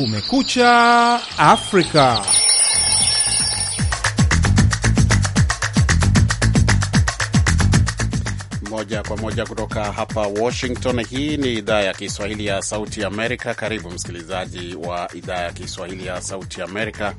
Kumekucha Afrika. Moja kwa moja kutoka hapa Washington. Hii ni idhaa ya Kiswahili ya Sauti Amerika. Karibu msikilizaji wa idhaa ya Kiswahili ya Sauti Amerika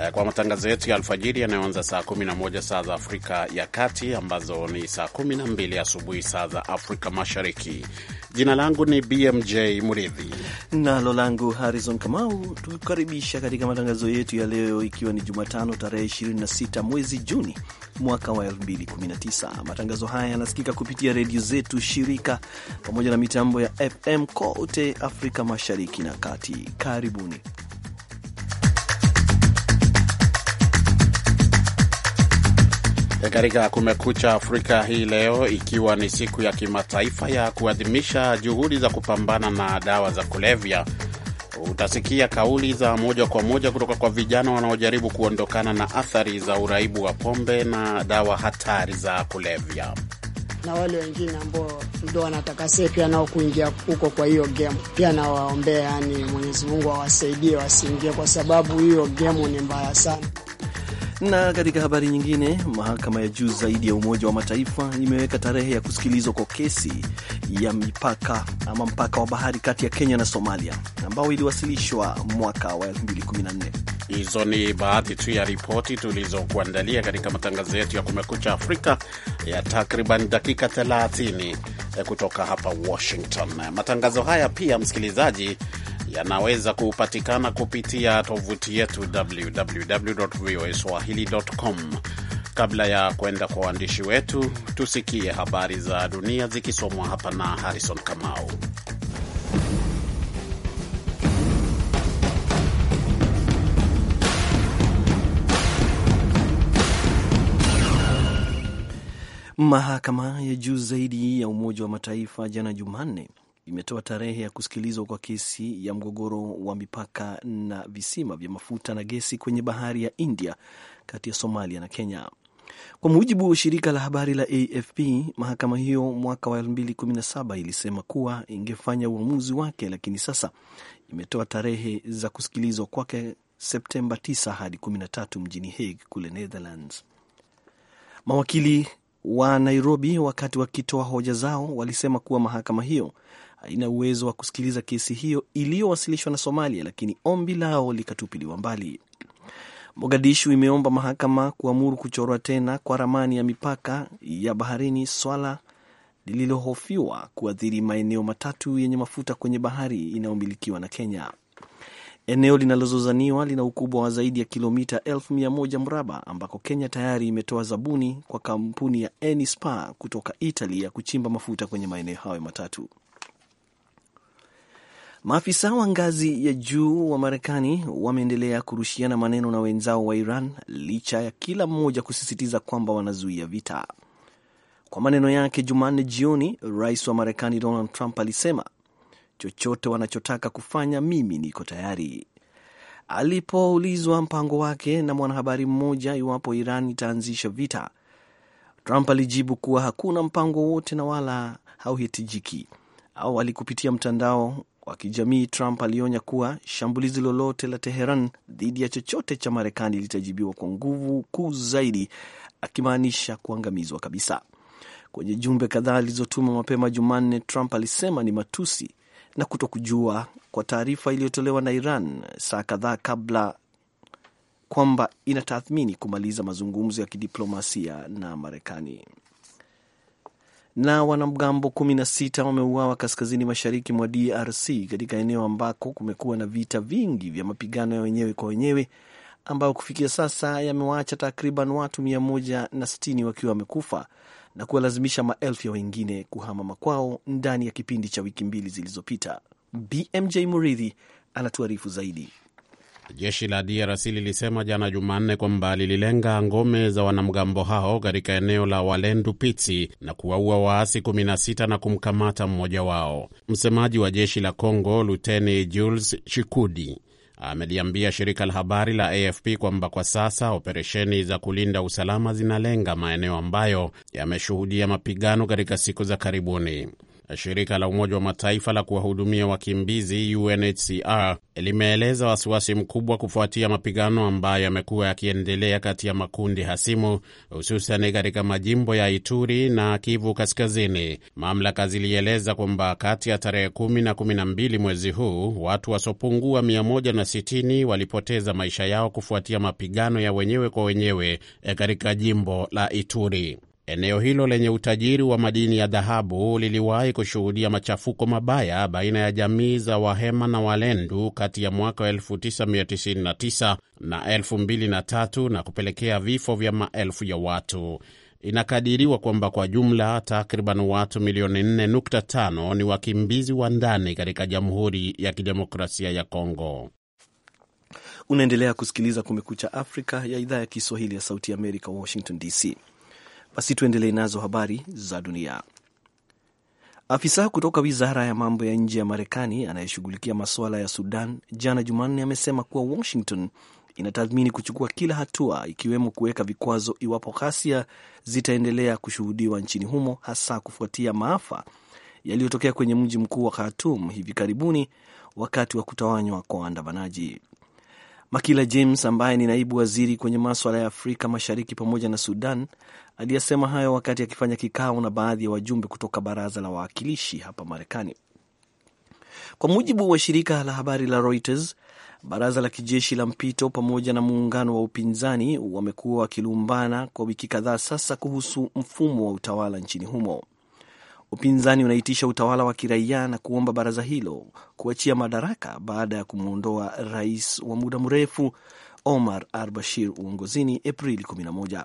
Eh, kwa matangazo yetu ya alfajiri yanayoanza saa 11 saa za Afrika ya Kati, ambazo ni saa 12 asubuhi saa za Afrika Mashariki. Jina langu ni BMJ Muridhi nalo langu Harrison Kamau, tukukaribisha katika matangazo yetu ya leo, ikiwa ni Jumatano tarehe 26 mwezi Juni mwaka wa 2019. Matangazo haya yanasikika kupitia redio zetu shirika pamoja na mitambo ya FM kote Afrika Mashariki na Kati. Karibuni. Katika Kumekucha Afrika hii leo, ikiwa ni siku ya kimataifa ya kuadhimisha juhudi za kupambana na dawa za kulevya, utasikia kauli za moja kwa moja kutoka kwa vijana wanaojaribu kuondokana na athari za uraibu wa pombe na dawa hatari za kulevya, na wale wengine ambao ndo wanatakasia pia nao kuingia huko. Kwa hiyo gemu pia nawaombea, yani Mwenyezi Mungu awasaidie wasiingie, kwa sababu hiyo gemu ni mbaya sana. Na katika habari nyingine, mahakama ya juu zaidi ya Umoja wa Mataifa imeweka tarehe ya kusikilizwa kwa kesi ya mipaka ama mpaka wa bahari kati ya Kenya na Somalia ambayo iliwasilishwa mwaka wa 2014. Hizo ni baadhi tu ya ripoti tulizokuandalia katika matangazo yetu ya Kumekucha Afrika ya takriban dakika 30 eh, kutoka hapa Washington. Matangazo haya pia, msikilizaji yanaweza kupatikana kupitia tovuti yetu www.voaswahili.com. Kabla ya kwenda kwa waandishi wetu, tusikie habari za dunia zikisomwa hapa na Harrison Kamau. Mahakama ya juu zaidi ya Umoja wa Mataifa jana Jumanne imetoa tarehe ya kusikilizwa kwa kesi ya mgogoro wa mipaka na visima vya mafuta na gesi kwenye bahari ya India kati ya Somalia na Kenya. Kwa mujibu wa shirika la habari la AFP, mahakama hiyo mwaka wa 2017 ilisema kuwa ingefanya uamuzi wake, lakini sasa imetoa tarehe za kusikilizwa kwake Septemba 9 hadi 13 mjini Hague kule Netherlands. Mawakili wa Nairobi wakati wakitoa hoja zao walisema kuwa mahakama hiyo haina uwezo wa kusikiliza kesi hiyo iliyowasilishwa na Somalia, lakini ombi lao likatupiliwa mbali. Mogadishu imeomba mahakama kuamuru kuchorwa tena kwa ramani ya mipaka ya baharini, swala lililohofiwa kuathiri maeneo matatu yenye mafuta kwenye bahari inayomilikiwa na Kenya. Eneo linalozozaniwa lina ukubwa wa zaidi ya kilomita elfu mia moja mraba ambako Kenya tayari imetoa zabuni kwa kampuni ya Enispaa kutoka Italy ya kuchimba mafuta kwenye maeneo hayo matatu. Maafisa wa ngazi ya juu wa Marekani wameendelea kurushiana maneno na wenzao wa Iran licha ya kila mmoja kusisitiza kwamba wanazuia vita. Kwa maneno yake Jumanne jioni, rais wa Marekani Donald Trump alisema chochote wanachotaka kufanya, mimi niko tayari. Alipoulizwa mpango wake na mwanahabari mmoja iwapo Iran itaanzisha vita, Trump alijibu kuwa hakuna mpango wote na wala hauhitajiki. au alikupitia mtandao wa kijamii, Trump alionya kuwa shambulizi lolote la Teheran dhidi ya chochote cha Marekani litajibiwa kwa nguvu kuu zaidi, akimaanisha kuangamizwa kabisa. Kwenye jumbe kadhaa alizotuma mapema Jumanne, Trump alisema ni matusi na kutokujua kwa taarifa iliyotolewa na Iran saa kadhaa kabla kwamba inatathmini kumaliza mazungumzo ya kidiplomasia na Marekani na wanamgambo 16 wameuawa kaskazini mashariki mwa DRC katika eneo ambako kumekuwa na vita vingi vya mapigano ya wenyewe kwa wenyewe ambayo kufikia sasa yamewaacha takriban watu 160 wakiwa wamekufa na kuwalazimisha maelfu ya wengine kuhama makwao ndani ya kipindi cha wiki mbili zilizopita. BMJ Muridhi anatuarifu zaidi. Jeshi la DRC lilisema jana Jumanne kwamba lililenga ngome za wanamgambo hao katika eneo la Walendu Pitsi na kuwaua waasi 16 na kumkamata mmoja wao. Msemaji wa jeshi la Congo, Luteni Jules Chikudi, ameliambia shirika la habari la AFP kwamba kwa sasa operesheni za kulinda usalama zinalenga maeneo ambayo yameshuhudia mapigano katika siku za karibuni. Shirika la Umoja wa Mataifa la kuwahudumia wakimbizi UNHCR limeeleza wasiwasi mkubwa kufuatia mapigano ambayo yamekuwa yakiendelea kati ya makundi hasimu hususan katika majimbo ya Ituri na Kivu Kaskazini. Mamlaka zilieleza kwamba kati ya tarehe 10 na 12 mwezi huu watu wasiopungua 160 walipoteza maisha yao kufuatia mapigano ya wenyewe kwa wenyewe eh, katika jimbo la Ituri. Eneo hilo lenye utajiri wa madini ya dhahabu liliwahi kushuhudia machafuko mabaya baina ya jamii za Wahema na Walendu kati ya mwaka 1999 na 2003 na kupelekea vifo vya maelfu ya watu. Inakadiriwa kwamba kwa jumla takriban watu milioni 4.5 ni wakimbizi wa ndani katika Jamhuri ya Kidemokrasia ya Kongo. Unaendelea kusikiliza Kumekucha Afrika ya idhaa ya Kiswahili ya Sauti ya Amerika, Washington DC. Basi tuendelee nazo habari za dunia. Afisa kutoka wizara ya mambo ya nje ya Marekani anayeshughulikia masuala ya Sudan jana Jumanne amesema kuwa Washington inatathmini kuchukua kila hatua ikiwemo kuweka vikwazo iwapo ghasia zitaendelea kushuhudiwa nchini humo, hasa kufuatia maafa yaliyotokea kwenye mji mkuu wa Khartoum hivi karibuni wakati wa kutawanywa kwa waandamanaji. Makila James ambaye ni naibu waziri kwenye maswala ya Afrika Mashariki pamoja na Sudan aliyesema hayo wakati akifanya kikao na baadhi ya wajumbe kutoka baraza la wawakilishi hapa Marekani. Kwa mujibu wa shirika la habari la Reuters, baraza la kijeshi la mpito pamoja na muungano wa upinzani wamekuwa wakilumbana kwa wiki kadhaa sasa kuhusu mfumo wa utawala nchini humo. Upinzani unaitisha utawala wa kiraia na kuomba baraza hilo kuachia madaraka baada ya kumwondoa rais wa muda mrefu Omar al-Bashir uongozini Aprili 11.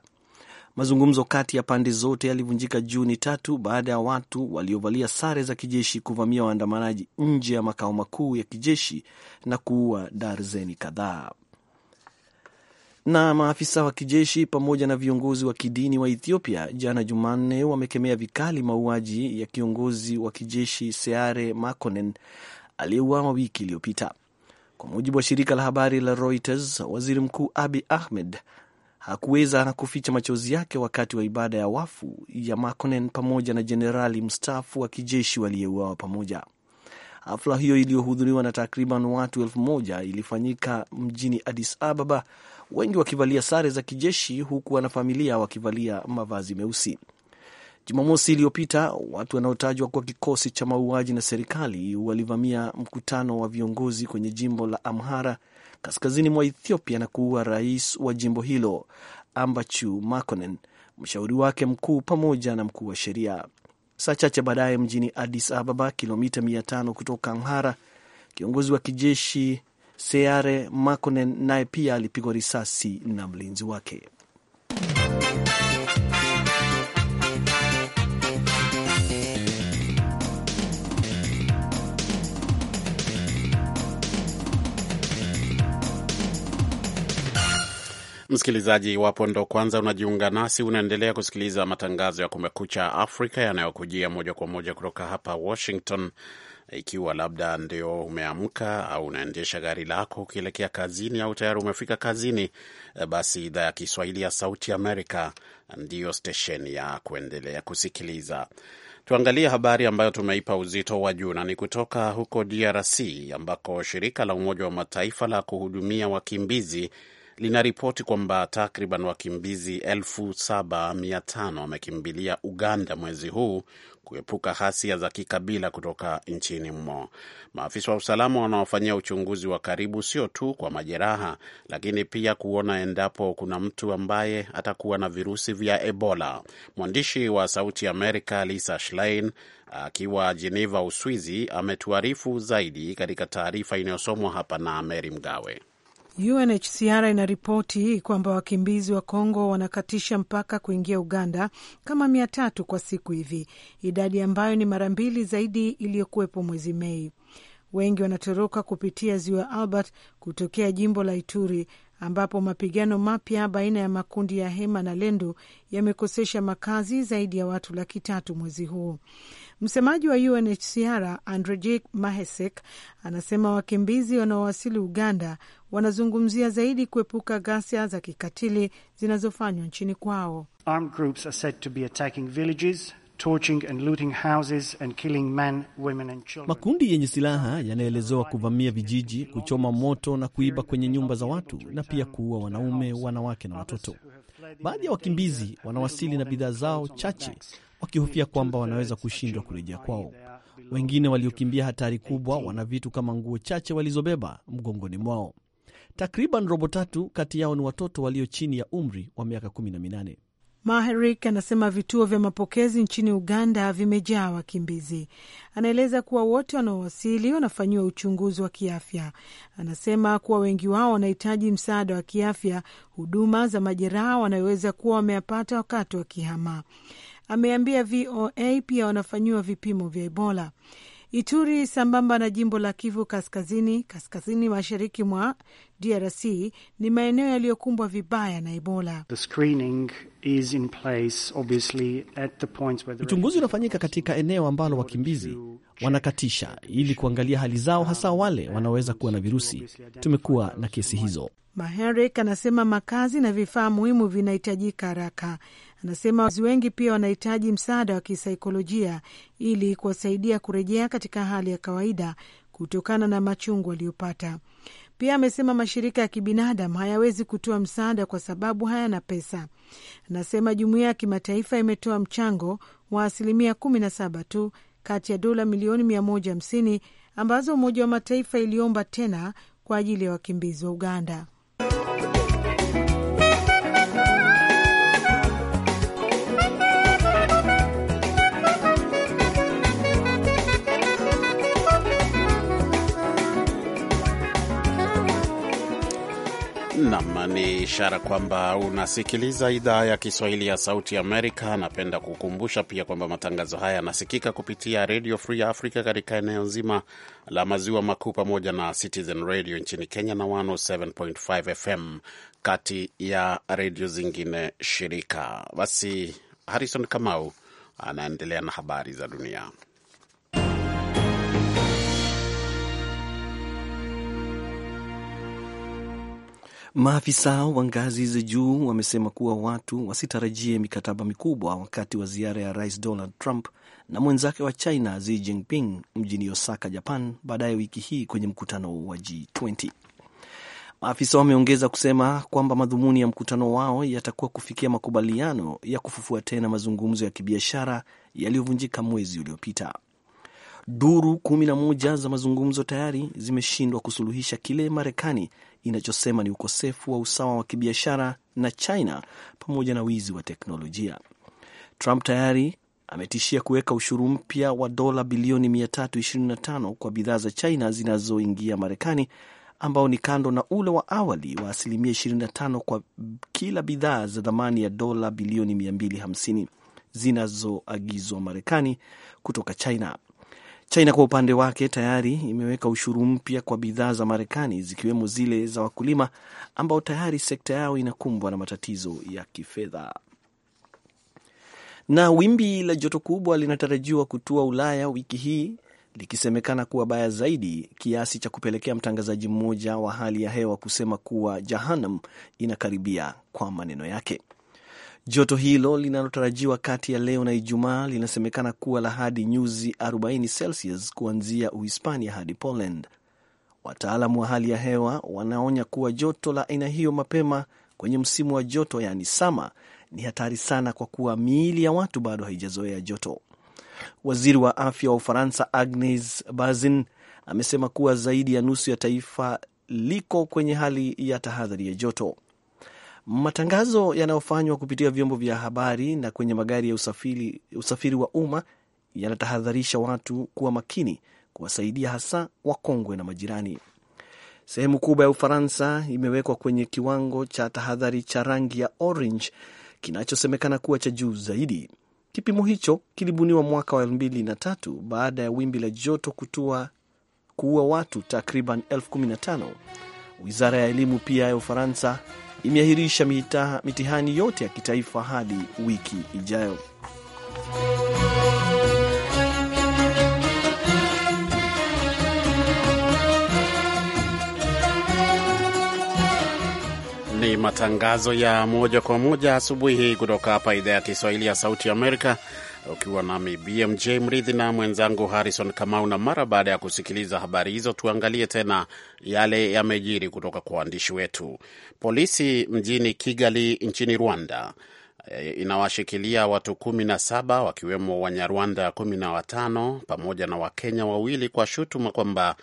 Mazungumzo kati ya pande zote yalivunjika Juni tatu baada ya watu waliovalia sare za kijeshi kuvamia waandamanaji nje ya makao makuu ya kijeshi na kuua darzeni kadhaa na maafisa wa kijeshi pamoja na viongozi wa kidini wa Ethiopia jana Jumanne wamekemea vikali mauaji ya kiongozi wa kijeshi Seare Makonnen aliyeuawa wiki iliyopita. Kwa mujibu wa shirika la habari la Reuters, waziri mkuu abi Ahmed hakuweza na kuficha machozi yake wakati wa ibada ya wafu ya Makonnen pamoja na jenerali mstaafu wa kijeshi waliyeuawa pamoja. Hafla hiyo iliyohudhuriwa na takriban watu elfu moja ilifanyika mjini Addis Ababa, wengi wakivalia sare za kijeshi, huku wanafamilia wakivalia mavazi meusi. Jumamosi iliyopita watu wanaotajwa kuwa kikosi cha mauaji na serikali walivamia mkutano wa viongozi kwenye jimbo la Amhara kaskazini mwa Ethiopia na kuua rais wa jimbo hilo Ambachu Makonnen, mshauri wake mkuu pamoja na mkuu wa sheria. Saa chache baadaye mjini Addis Ababa, kilomita tano kutoka Amhara, kiongozi wa kijeshi Seare Makonnen naye pia alipigwa risasi na mlinzi wake. Msikilizaji, iwapo ndo kwanza unajiunga nasi, unaendelea kusikiliza matangazo ya Kumekucha Afrika yanayokujia moja kwa moja kutoka hapa Washington. Ikiwa labda ndio umeamka au unaendesha gari lako ukielekea kazini au tayari umefika kazini, eh, basi idhaa ya Kiswahili ya Sauti Amerika ndiyo stesheni ya kuendelea kusikiliza. Tuangalie habari ambayo tumeipa uzito wa juu na ni kutoka huko DRC ambako shirika la Umoja wa Mataifa la kuhudumia wakimbizi linaripoti kwamba takriban wakimbizi elfu saba mia tano wamekimbilia Uganda mwezi huu kuepuka ghasia za kikabila kutoka nchini mmo. Maafisa wa usalama wanaofanyia uchunguzi wa karibu sio tu kwa majeraha, lakini pia kuona endapo kuna mtu ambaye atakuwa na virusi vya Ebola. Mwandishi wa Sauti Amerika Lisa Schlein akiwa Jeneva, Uswizi, ametuarifu zaidi katika taarifa inayosomwa hapa na Meri Mgawe. UNHCR inaripoti kwamba wakimbizi wa Kongo wanakatisha mpaka kuingia Uganda kama mia tatu kwa siku hivi, idadi ambayo ni mara mbili zaidi iliyokuwepo mwezi Mei. Wengi wanatoroka kupitia ziwa Albert kutokea jimbo la Ituri ambapo mapigano mapya baina ya makundi ya Hema na Lendu yamekosesha makazi zaidi ya watu laki tatu mwezi huu. Msemaji wa UNHCR Andrejik Mahesek anasema wakimbizi wanaowasili Uganda wanazungumzia zaidi kuepuka ghasia za kikatili zinazofanywa nchini kwao. Makundi yenye silaha yanaelezewa kuvamia vijiji, kuchoma moto na kuiba kwenye nyumba za watu na pia kuua wanaume, wanawake na watoto. Baadhi ya wakimbizi wanawasili na bidhaa zao chache, wakihofia kwamba wanaweza kushindwa kurejea kwao. Wengine waliokimbia hatari kubwa wana vitu kama nguo chache walizobeba mgongoni mwao. Takriban robo tatu kati yao ni watoto walio chini ya umri wa miaka 18. Maherik anasema vituo vya mapokezi nchini Uganda vimejaa wakimbizi. Anaeleza kuwa wote wanaowasili wanafanyiwa uchunguzi wa kiafya. Anasema kuwa wengi wao wanahitaji msaada wa kiafya, huduma za majeraha wanayoweza kuwa wameyapata wakati wa kihama. Ameambia VOA pia wanafanyiwa vipimo vya Ebola. Ituri sambamba na jimbo la Kivu Kaskazini, kaskazini mashariki mwa DRC ni maeneo yaliyokumbwa vibaya na Ebola. Uchunguzi unafanyika katika eneo ambalo wakimbizi wanakatisha ili kuangalia hali zao, hasa um, wale wanaoweza kuwa na virusi. Tumekuwa na kesi hizo. Maherik anasema makazi na vifaa muhimu vinahitajika haraka. Anasema wazazi wengi pia wanahitaji msaada wa kisaikolojia ili kuwasaidia kurejea katika hali ya kawaida kutokana na machungu waliopata. Pia amesema mashirika ya kibinadamu hayawezi kutoa msaada kwa sababu hayana pesa. Anasema jumuiya ya kimataifa imetoa mchango wa asilimia kumi na saba tu kati ya dola milioni mia moja hamsini ambazo Umoja wa Mataifa iliomba tena kwa ajili ya wakimbizi wa Uganda. Nam ni ishara kwamba unasikiliza idhaa ya Kiswahili ya Sauti Amerika. Napenda kukumbusha pia kwamba matangazo haya yanasikika kupitia Radio Free Africa katika eneo nzima la maziwa makuu pamoja na Citizen Radio nchini Kenya na 107.5 FM kati ya redio zingine shirika. Basi Harrison Kamau anaendelea na habari za dunia. Maafisa wa ngazi za juu wamesema kuwa watu wasitarajie mikataba mikubwa wakati wa ziara ya Rais Donald Trump na mwenzake wa China Xi Jinping mjini Osaka, Japan, baadaye wiki hii kwenye mkutano wa G20. Maafisa wameongeza kusema kwamba madhumuni ya mkutano wao yatakuwa kufikia makubaliano ya kufufua tena mazungumzo ya kibiashara yaliyovunjika mwezi uliopita. Duru kumi na moja za mazungumzo tayari zimeshindwa kusuluhisha kile Marekani inachosema ni ukosefu wa usawa wa kibiashara na China pamoja na wizi wa teknolojia. Trump tayari ametishia kuweka ushuru mpya wa dola bilioni 325 kwa bidhaa za China zinazoingia Marekani, ambao ni kando na ule wa awali wa asilimia 25 kwa kila bidhaa za thamani ya dola bilioni 250 zinazoagizwa Marekani kutoka China. China kwa upande wake tayari imeweka ushuru mpya kwa bidhaa za Marekani zikiwemo zile za wakulima ambao tayari sekta yao inakumbwa na matatizo ya kifedha. Na wimbi la joto kubwa linatarajiwa kutua Ulaya wiki hii likisemekana kuwa baya zaidi kiasi cha kupelekea mtangazaji mmoja wa hali ya hewa kusema kuwa Jahannam inakaribia kwa maneno yake. Joto hilo linalotarajiwa kati ya leo na Ijumaa linasemekana kuwa la hadi nyuzi 40 Celsius kuanzia Uhispania hadi Poland. Wataalamu wa hali ya hewa wanaonya kuwa joto la aina hiyo mapema kwenye msimu wa joto, yaani sama, ni hatari sana kwa kuwa miili ya watu bado haijazoea joto. Waziri wa afya wa Ufaransa Agnes Bazin amesema kuwa zaidi ya nusu ya taifa liko kwenye hali ya tahadhari ya joto. Matangazo yanayofanywa kupitia vyombo vya habari na kwenye magari ya usafiri, usafiri wa umma yanatahadharisha watu kuwa makini kuwasaidia hasa wakongwe na majirani. Sehemu kubwa ya Ufaransa imewekwa kwenye kiwango cha tahadhari cha rangi ya orange kinachosemekana kuwa cha juu zaidi. Kipimo hicho kilibuniwa mwaka wa elfu mbili na tatu baada ya wimbi la joto kutua kuua watu takriban elfu kumi na tano. Wizara ya elimu pia ya Ufaransa imeahirisha mitihani yote ya kitaifa hadi wiki ijayo. Ni matangazo ya moja kwa moja asubuhi kutoka hapa idhaa ya Kiswahili ya Sauti Amerika ukiwa nami BMJ Mridhi na mwenzangu Harrison Kamau. Na mara baada ya kusikiliza habari hizo, tuangalie tena yale yamejiri kutoka kwa waandishi wetu. Polisi mjini Kigali nchini Rwanda e, inawashikilia watu kumi na saba wakiwemo Wanyarwanda kumi na watano pamoja na Wakenya wawili kwa shutuma kwamba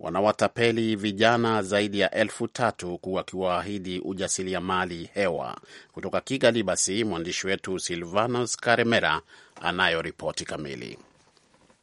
wanawatapeli vijana zaidi ya elfu tatu huku wakiwaahidi ujasiriamali hewa. Kutoka Kigali, basi mwandishi wetu Silvanos Karemera anayo ripoti kamili.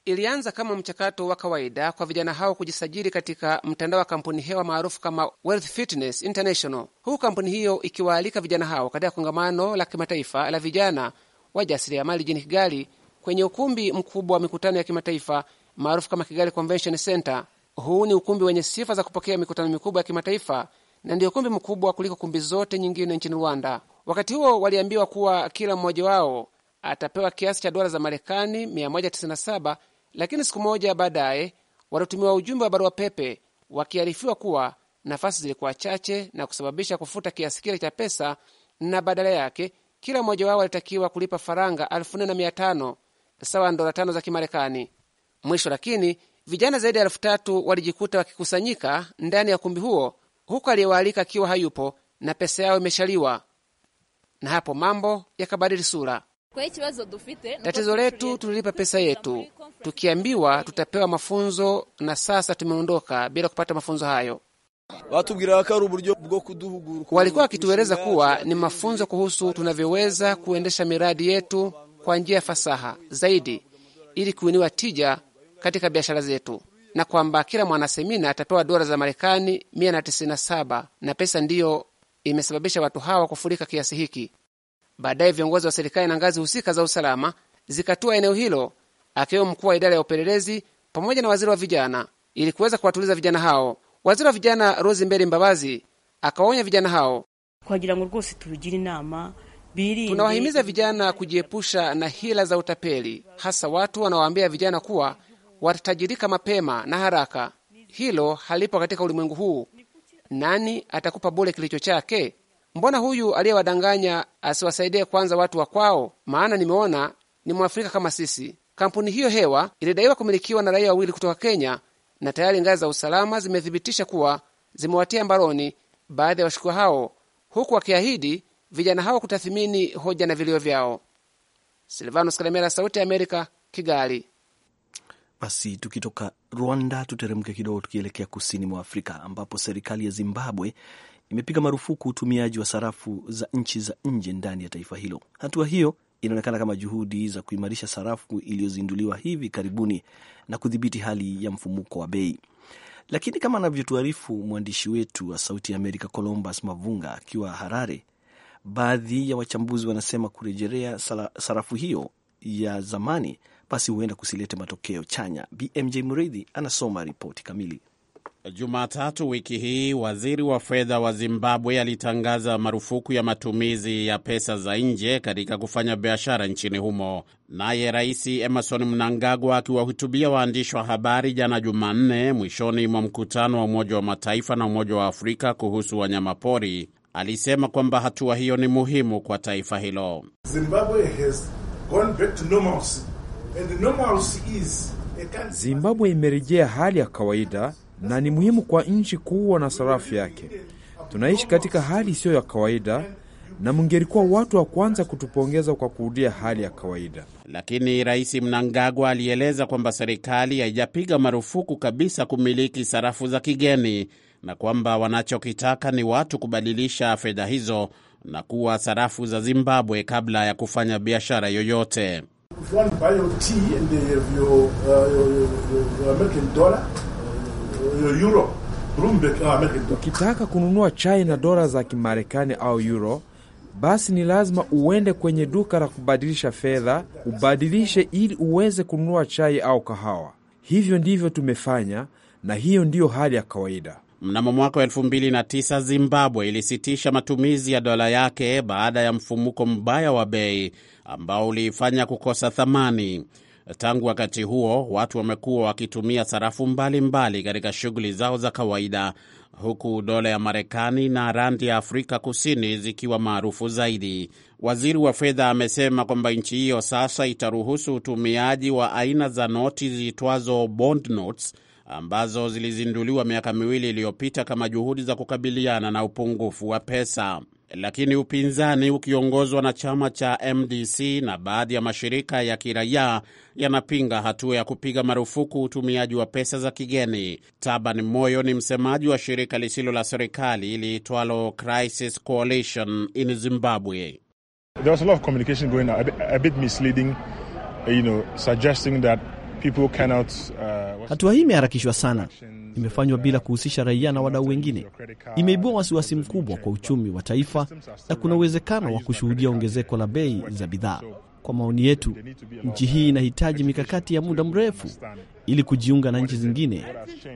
Ilianza kama mchakato wa kawaida kwa vijana hao kujisajili katika mtandao wa kampuni hewa maarufu kama Wealth Fitness International, huku kampuni hiyo ikiwaalika vijana hao katika kongamano la kimataifa la vijana wajasiriamali jijini Kigali, kwenye ukumbi mkubwa wa mikutano ya kimataifa maarufu kama Kigali Convention Center huu ni ukumbi wenye sifa za kupokea mikutano mikubwa ya kimataifa na ndio ukumbi mkubwa kuliko kumbi zote nyingine nchini Rwanda. Wakati huo waliambiwa kuwa kila mmoja wao atapewa kiasi cha dola za Marekani 197, lakini siku moja baadaye walitumiwa ujumbe wa barua pepe wakiarifiwa kuwa nafasi zilikuwa chache na kusababisha kufuta kiasi kile cha pesa, na badala yake kila mmoja wao alitakiwa kulipa faranga elfu sawa na dola tano za Kimarekani. Mwisho lakini Vijana zaidi ya elfu tatu walijikuta wakikusanyika ndani ya ukumbi huo, huku aliyewaalika akiwa hayupo na pesa yao imeshaliwa, na hapo mambo yakabadili sura. Tatizo letu tulilipa pesa yetu, tukiambiwa tutapewa mafunzo, na sasa tumeondoka bila kupata mafunzo hayo. Walikuwa wakitueleza kuwa ni mafunzo kuhusu tunavyoweza kuendesha miradi yetu kwa njia ya fasaha zaidi ili kuiniwa tija katika biashara zetu, na kwamba kila mwanasemina atapewa dola za Marekani 197 na pesa ndiyo imesababisha watu hawa kufurika kiasi hiki. Baadaye viongozi wa serikali na ngazi husika za usalama zikatua eneo hilo, akiwemo mkuu wa idara ya upelelezi pamoja na waziri wa vijana ili kuweza kuwatuliza vijana hao. Waziri wa vijana Rosemary Mbabazi akawaonya vijana hao, tunawahimiza vijana kujiepusha na hila za utapeli, hasa watu wanawaambia vijana kuwa watatajirika mapema na haraka. Hilo halipo katika ulimwengu huu. Nani atakupa bure kilicho chake? Mbona huyu aliyewadanganya asiwasaidie kwanza watu wa kwao? Maana nimeona ni Mwafrika kama sisi. Kampuni hiyo hewa ilidaiwa kumilikiwa na raia wawili kutoka Kenya, na tayari ngazi za usalama zimethibitisha kuwa zimewatia mbaroni baadhi ya washukiwa hao, huku wakiahidi vijana hao kutathimini hoja na vilio vyao. Kalemera, Sauti ya Amerika, Kigali. Basi tukitoka Rwanda tuteremke kidogo tukielekea kusini mwa Afrika ambapo serikali ya Zimbabwe imepiga marufuku utumiaji wa sarafu za nchi za nje ndani ya taifa hilo. Hatua hiyo inaonekana kama juhudi za kuimarisha sarafu iliyozinduliwa hivi karibuni na kudhibiti hali ya mfumuko wa bei. Lakini kama anavyotuarifu mwandishi wetu wa Sauti ya Amerika Columbus Mavunga akiwa Harare, baadhi ya wachambuzi wanasema kurejelea sarafu hiyo ya zamani basi huenda kusilete matokeo chanya. BMJ Mridhi anasoma ripoti kamili. Jumatatu wiki hii waziri wa fedha wa Zimbabwe alitangaza marufuku ya matumizi ya pesa za nje katika kufanya biashara nchini humo. Naye Rais Emerson Mnangagwa akiwahutubia waandishi wa habari jana Jumanne, mwishoni mwa mkutano wa Umoja wa Mataifa na Umoja wa Afrika kuhusu wanyamapori, alisema kwamba hatua hiyo ni muhimu kwa taifa hilo. Zimbabwe has gone back to normalcy. Zimbabwe imerejea hali ya kawaida na ni muhimu kwa nchi kuwa na sarafu yake. Tunaishi katika hali isiyo ya kawaida na mngelikuwa watu wa kwanza kutupongeza kwa kurudia hali ya kawaida. Lakini Rais Mnangagwa alieleza kwamba serikali haijapiga marufuku kabisa kumiliki sarafu za kigeni na kwamba wanachokitaka ni watu kubadilisha fedha hizo na kuwa sarafu za Zimbabwe kabla ya kufanya biashara yoyote. If to buy your tea and they have your, uh, your, your, your American dollar, uh, your euro, uh, Ukitaka kununua chai na dola za Kimarekani au euro, basi ni lazima uende kwenye duka la kubadilisha fedha ubadilishe ili uweze kununua chai au kahawa. Hivyo ndivyo tumefanya, na hiyo ndiyo hali ya kawaida. Mnamo mwaka wa 2009 Zimbabwe ilisitisha matumizi ya dola yake baada ya mfumuko mbaya wa bei ambao uliifanya kukosa thamani. Tangu wakati huo watu wamekuwa wakitumia sarafu mbalimbali katika shughuli zao za kawaida, huku dola ya Marekani na randi ya Afrika Kusini zikiwa maarufu zaidi. Waziri wa fedha amesema kwamba nchi hiyo sasa itaruhusu utumiaji wa aina za noti ziitwazo bond notes ambazo zilizinduliwa miaka miwili iliyopita kama juhudi za kukabiliana na upungufu wa pesa lakini upinzani ukiongozwa na chama cha MDC na baadhi ya mashirika ya kiraia yanapinga hatua ya kupiga marufuku utumiaji wa pesa za kigeni. Taban Moyo ni msemaji wa shirika lisilo la serikali liitwalo Crisis Coalition in Zimbabwe. There was a lot of communication going on, a bit, a bit misleading, you know, suggesting that people cannot, uh, hatua hii imeharakishwa sana imefanywa bila kuhusisha raia na wadau wengine. Imeibua wasiwasi mkubwa kwa uchumi wa taifa na kuna uwezekano wa kushuhudia ongezeko la bei za bidhaa. Kwa maoni yetu, nchi hii inahitaji mikakati ya muda mrefu ili kujiunga na nchi zingine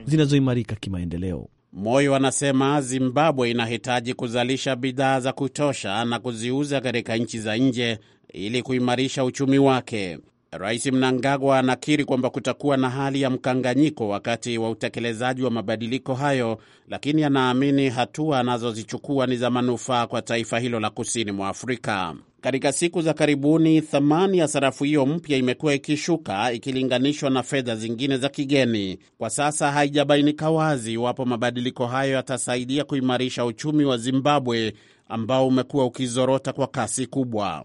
zinazoimarika kimaendeleo. Moyo anasema Zimbabwe inahitaji kuzalisha bidhaa za kutosha na kuziuza katika nchi za nje ili kuimarisha uchumi wake. Rais Mnangagwa anakiri kwamba kutakuwa na hali ya mkanganyiko wakati wa utekelezaji wa mabadiliko hayo, lakini anaamini hatua anazozichukua ni za manufaa kwa taifa hilo la kusini mwa Afrika. Katika siku za karibuni, thamani ya sarafu hiyo mpya imekuwa ikishuka ikilinganishwa na fedha zingine za kigeni. Kwa sasa haijabainika wazi iwapo mabadiliko hayo yatasaidia kuimarisha uchumi wa Zimbabwe ambao umekuwa ukizorota kwa kasi kubwa.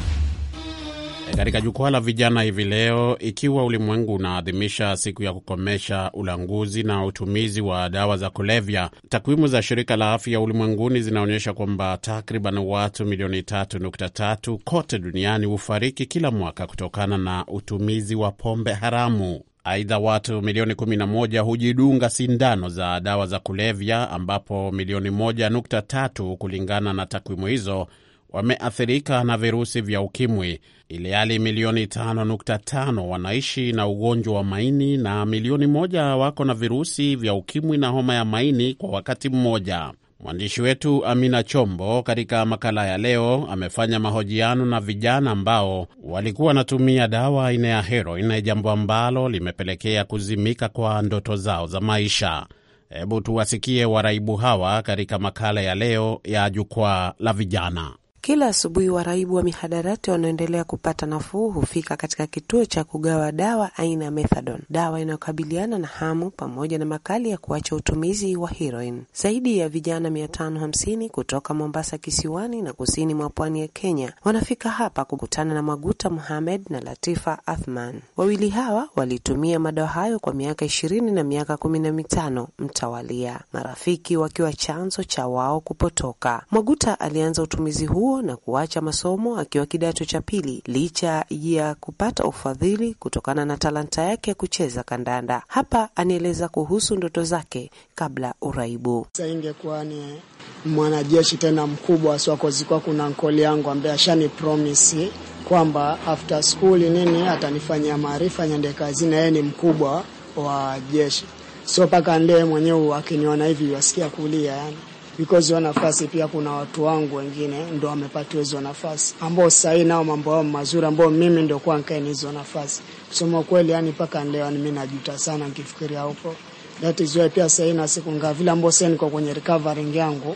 Katika jukwaa la vijana hivi leo, ikiwa ulimwengu unaadhimisha siku ya kukomesha ulanguzi na utumizi wa dawa za kulevya, takwimu za shirika la afya ulimwenguni zinaonyesha kwamba takriban watu milioni tatu nukta tatu kote duniani hufariki kila mwaka kutokana na utumizi wa pombe haramu. Aidha, watu milioni 11 hujidunga sindano za dawa za kulevya, ambapo milioni 1.3 kulingana na takwimu hizo wameathirika na virusi vya ukimwi, ilihali milioni 5.5 wanaishi na ugonjwa wa maini na milioni moja wako na virusi vya ukimwi na homa ya maini kwa wakati mmoja. Mwandishi wetu Amina Chombo katika makala ya leo amefanya mahojiano na vijana ambao walikuwa wanatumia dawa aina ya heroin, jambo ambalo limepelekea kuzimika kwa ndoto zao za maisha. Hebu tuwasikie waraibu hawa katika makala ya leo ya Jukwaa la Vijana. Kila asubuhi waraibu wa mihadarati wanaoendelea kupata nafuu hufika katika kituo cha kugawa dawa aina ya methadone, dawa inayokabiliana na hamu pamoja na makali ya kuacha utumizi wa heroin. Zaidi ya vijana 550 kutoka Mombasa kisiwani na kusini mwa pwani ya Kenya wanafika hapa kukutana na Mwaguta Muhamed na Latifa Athman. Wawili hawa walitumia madawa hayo kwa miaka ishirini na miaka kumi na mitano mtawalia, marafiki wakiwa chanzo cha wao kupotoka. Mwaguta alianza utumizi huu chuo na kuacha masomo akiwa kidato cha pili licha ya kupata ufadhili kutokana na talanta yake ya kucheza kandanda. Hapa anieleza kuhusu ndoto zake kabla uraibu. Sasa ingekuwa ni mwanajeshi tena mkubwa, swakozikwa kuna nkoli yangu ambaye ashani promisi kwamba after school nini atanifanyia maarifa nyende kazi, na yeye ni mkubwa wa jeshi, so mpaka ndee mwenyewe akiniona hivi wasikia kulia yani because hiyo nafasi pia kuna watu wangu wengine ndo wamepatiwa hizo nafasi ambao sahii nao mambo yao mazuri, ambao mimi ndo kwa nkaeni hizo nafasi. Kusema kweli, yani mpaka leo yaani mimi najuta sana nikifikiria huko. That is why pia sahii na siku ngaa vile ambao sahii niko kwenye recovering yangu,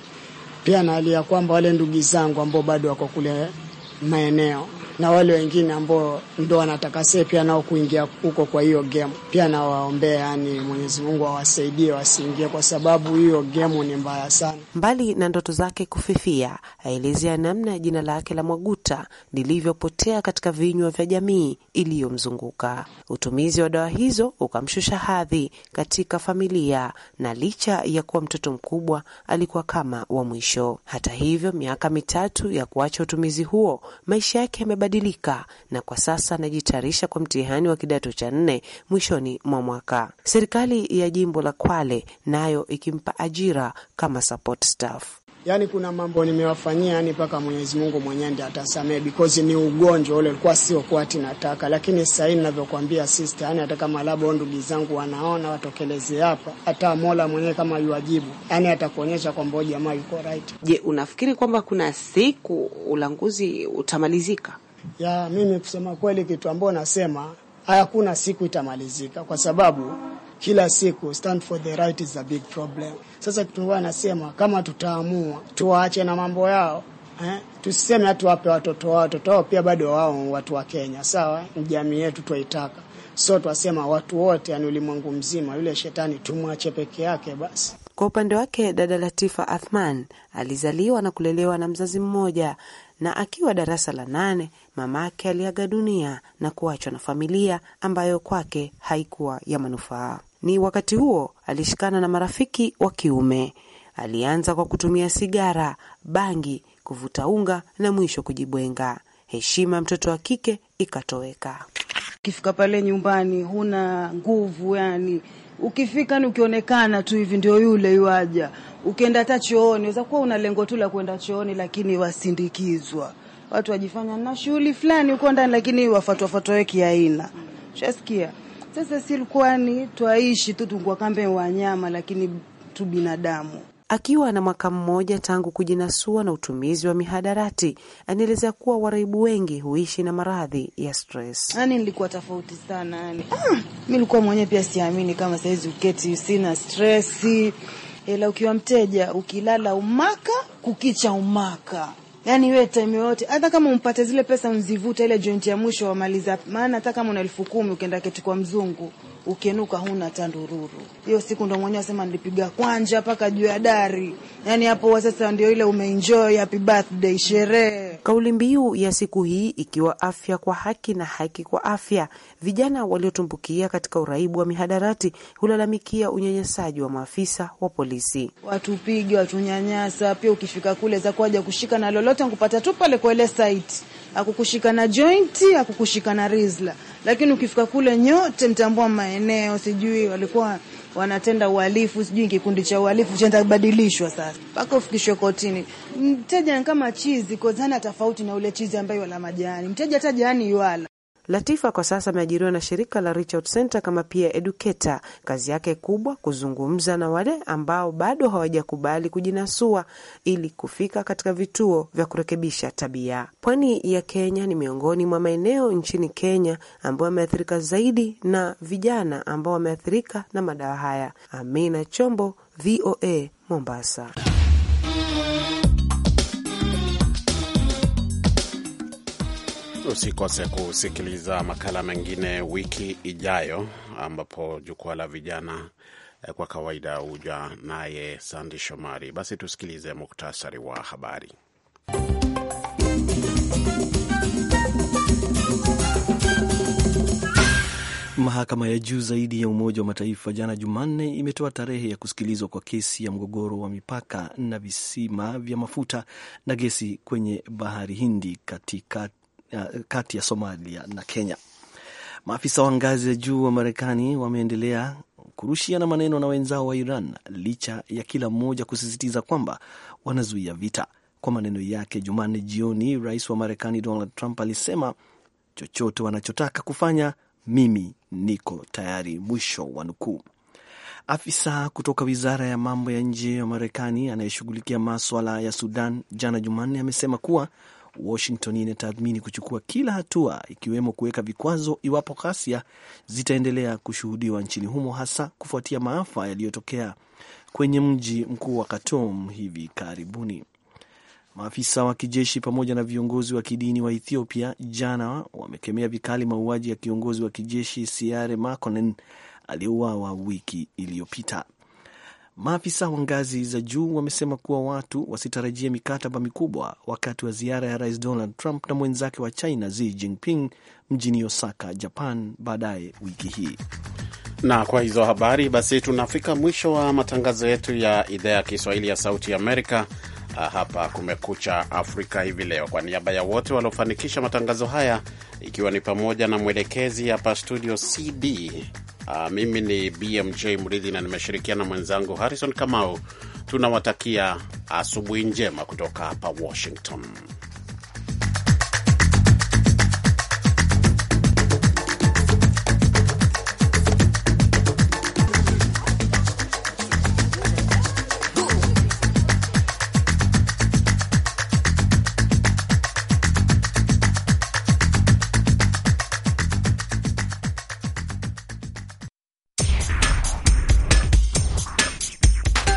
pia nalia kwamba wale ndugu zangu ambao bado wako kule maeneo na wale wengine ambao ndo wanatakasia pia nao kuingia huko kwa hiyo game, pia nawaombea, yani Mwenyezi Mungu awasaidie wasiingie, kwa sababu hiyo game ni mbaya sana. Mbali na ndoto zake kufifia, aelezea namna jina lake la Mwaguta lilivyopotea katika vinywa vya jamii iliyomzunguka. Utumizi wa dawa hizo ukamshusha hadhi katika familia, na licha ya kuwa mtoto mkubwa alikuwa kama wa mwisho. Hata hivyo, miaka mitatu ya kuacha utumizi huo, maisha yake yamebadilika na kwa sasa anajitayarisha kwa mtihani wa kidato cha nne mwishoni mwa mwaka. Serikali ya jimbo la Kwale nayo ikimpa ajira kama support staff. Yaani kuna mambo nimewafanyia, yani mpaka Mwenyezi Mungu mwenyewe ndiye atasamee because ni ugonjwa ule ulikuwa sio kwa nataka, lakini sasa hivi ninavyokuambia sister, yani hata kama labo ndugu zangu wanaona watokeleze hapa, hata Mola mwenyewe kama yuajibu, yani atakuonyesha kwamba jamaa yuko right. Je, unafikiri kwamba kuna siku ulanguzi utamalizika? ya mimi kusema kweli, kitu ambayo nasema hakuna siku itamalizika, kwa sababu kila siku stand for the right is a big problem. Sasa kitu ambayo nasema kama tutaamua tuwaache na mambo yao eh, tusiseme hatuwape watoto wao. Watoto wao pia bado wao watu wa Kenya, sawa, jamii yetu twaitaka, so twasema watu wote, yani ulimwengu mzima, yule shetani tumwache peke yake basi. Kwa upande wake dada Latifa Athman alizaliwa na kulelewa na mzazi mmoja, na akiwa darasa la nane mamake aliaga dunia na kuachwa na familia ambayo kwake haikuwa ya manufaa. Ni wakati huo alishikana na marafiki wa kiume. Alianza kwa kutumia sigara, bangi, kuvuta unga na mwisho kujibwenga. Heshima ya mtoto wa kike ikatoweka. Ukifika pale nyumbani huna nguvu yani Ukifika ni ukionekana tu hivi ndio yule yuaja. Ukienda hata chooni, unaweza kuwa una lengo tu la kwenda chooni, lakini wasindikizwa watu wajifanya na shughuli fulani huko ndani, lakini wafatwa fatwa kiaina. Ushasikia? Sasa si ni twaishi tu tungua kambe wanyama, lakini tu binadamu. Akiwa na mwaka mmoja tangu kujinasua na utumizi wa mihadarati, anaeleza kuwa waraibu wengi huishi na maradhi ya stress. Yani nilikuwa tofauti sana yani. Ah, mi likuwa mwenyewe pia siamini kama sahizi uketi sina stresi, ila ukiwa mteja ukilala umaka kukicha umaka yani we time yoyote hata kama umpate zile pesa mzivuta ile joint ya mwisho wamaliza, maana hata kama una elfu kumi ukienda keti kwa mzungu ukienuka huna tandururu. Hiyo siku ndo mwenyewe asema nilipiga kwanja mpaka juu ya dari, yaani hapo sasa ndio ile umeenjoy happy birthday sherehe Kauli mbiu ya siku hii ikiwa afya kwa haki na haki kwa afya. Vijana waliotumbukia katika uraibu wa mihadarati hulalamikia unyanyasaji wa maafisa wa polisi, watupige, watunyanyasa. Pia ukifika kule za kushika na lolote nkupata tu pale kwa ile site, akukushika na jointi, akukushika na rizla, lakini ukifika kule nyote mtambua maeneo, sijui walikuwa wanatenda uhalifu, sijui kikundi cha uhalifu chaenda kubadilishwa sasa mpaka ufikishwe kotini. Mteja kama chizi kozana tofauti na ule chizi ambaye wala majani, mteja hata jani yuala Latifa kwa sasa ameajiriwa na shirika la Reach Out Center kama pia educator. Kazi yake kubwa kuzungumza na wale ambao bado hawajakubali kujinasua ili kufika katika vituo vya kurekebisha tabia. Pwani ya Kenya ni miongoni mwa maeneo nchini Kenya ambayo yameathirika zaidi na vijana ambao wameathirika na madawa haya. Amina Chombo, VOA Mombasa. Usikose kusikiliza makala mengine wiki ijayo, ambapo jukwaa la vijana eh, kwa kawaida huja naye Sandi Shomari. Basi tusikilize muktasari wa habari. Mahakama ya juu zaidi ya Umoja wa Mataifa jana Jumanne imetoa tarehe ya kusikilizwa kwa kesi ya mgogoro wa mipaka na visima vya mafuta na gesi kwenye bahari Hindi katika Uh, kati ya Somalia na Kenya. Maafisa wa ngazi ya juu wa Marekani wameendelea kurushiana maneno na wenzao wa Iran licha ya kila mmoja kusisitiza kwamba wanazuia vita. Kwa maneno yake Jumanne jioni, rais wa Marekani Donald Trump alisema chochote wanachotaka kufanya, mimi niko tayari, mwisho wa nukuu. Afisa kutoka wizara ya mambo ya nje ya Marekani anayeshughulikia maswala ya Sudan jana Jumanne amesema kuwa Washington inatathmini kuchukua kila hatua ikiwemo kuweka vikwazo iwapo ghasia zitaendelea kushuhudiwa nchini humo, hasa kufuatia maafa yaliyotokea kwenye mji mkuu wa Khartoum hivi karibuni. Maafisa wa kijeshi pamoja na viongozi wa kidini wa Ethiopia jana wamekemea vikali mauaji ya kiongozi wa kijeshi Siare Mekonnen aliyeuawa wiki iliyopita. Maafisa wa ngazi za juu wamesema kuwa watu wasitarajie mikataba mikubwa wakati wa ziara ya Rais Donald Trump na mwenzake wa China Xi Jinping mjini Osaka, Japan, baadaye wiki hii. Na kwa hizo habari basi, tunafika mwisho wa matangazo yetu ya idhaa ya Kiswahili ya Sauti Amerika ah, hapa Kumekucha Afrika hivi leo. Kwa niaba ya wote waliofanikisha matangazo haya, ikiwa ni pamoja na mwelekezi hapa studio CD Uh, mimi ni BMJ Mridhi na nimeshirikiana mwenzangu Harrison Kamau. Tunawatakia asubuhi njema kutoka hapa Washington.